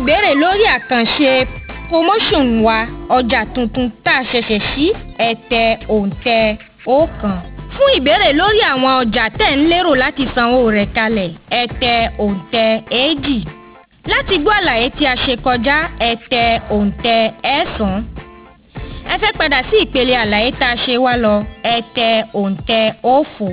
ìbéèrè lórí àkànṣe promotion wa ọjà tuntun tá a ṣẹ̀ṣẹ̀ sí ẹ tẹ òǹtẹ̀ ọ̀kan fún ìbéèrè lórí àwọn ọjà tẹ̀ ń lérò láti sanwó rẹ̀ kalẹ̀ ẹ tẹ òǹtẹ̀ èjì láti gbọ́ àlàyé tí a ṣe kọjá ẹ tẹ òǹtẹ̀ ẹ̀sán ẹ fẹ́ padà sí ìpele àlàyé tá a ṣe wá lọ ẹ òǹtẹ̀ òfo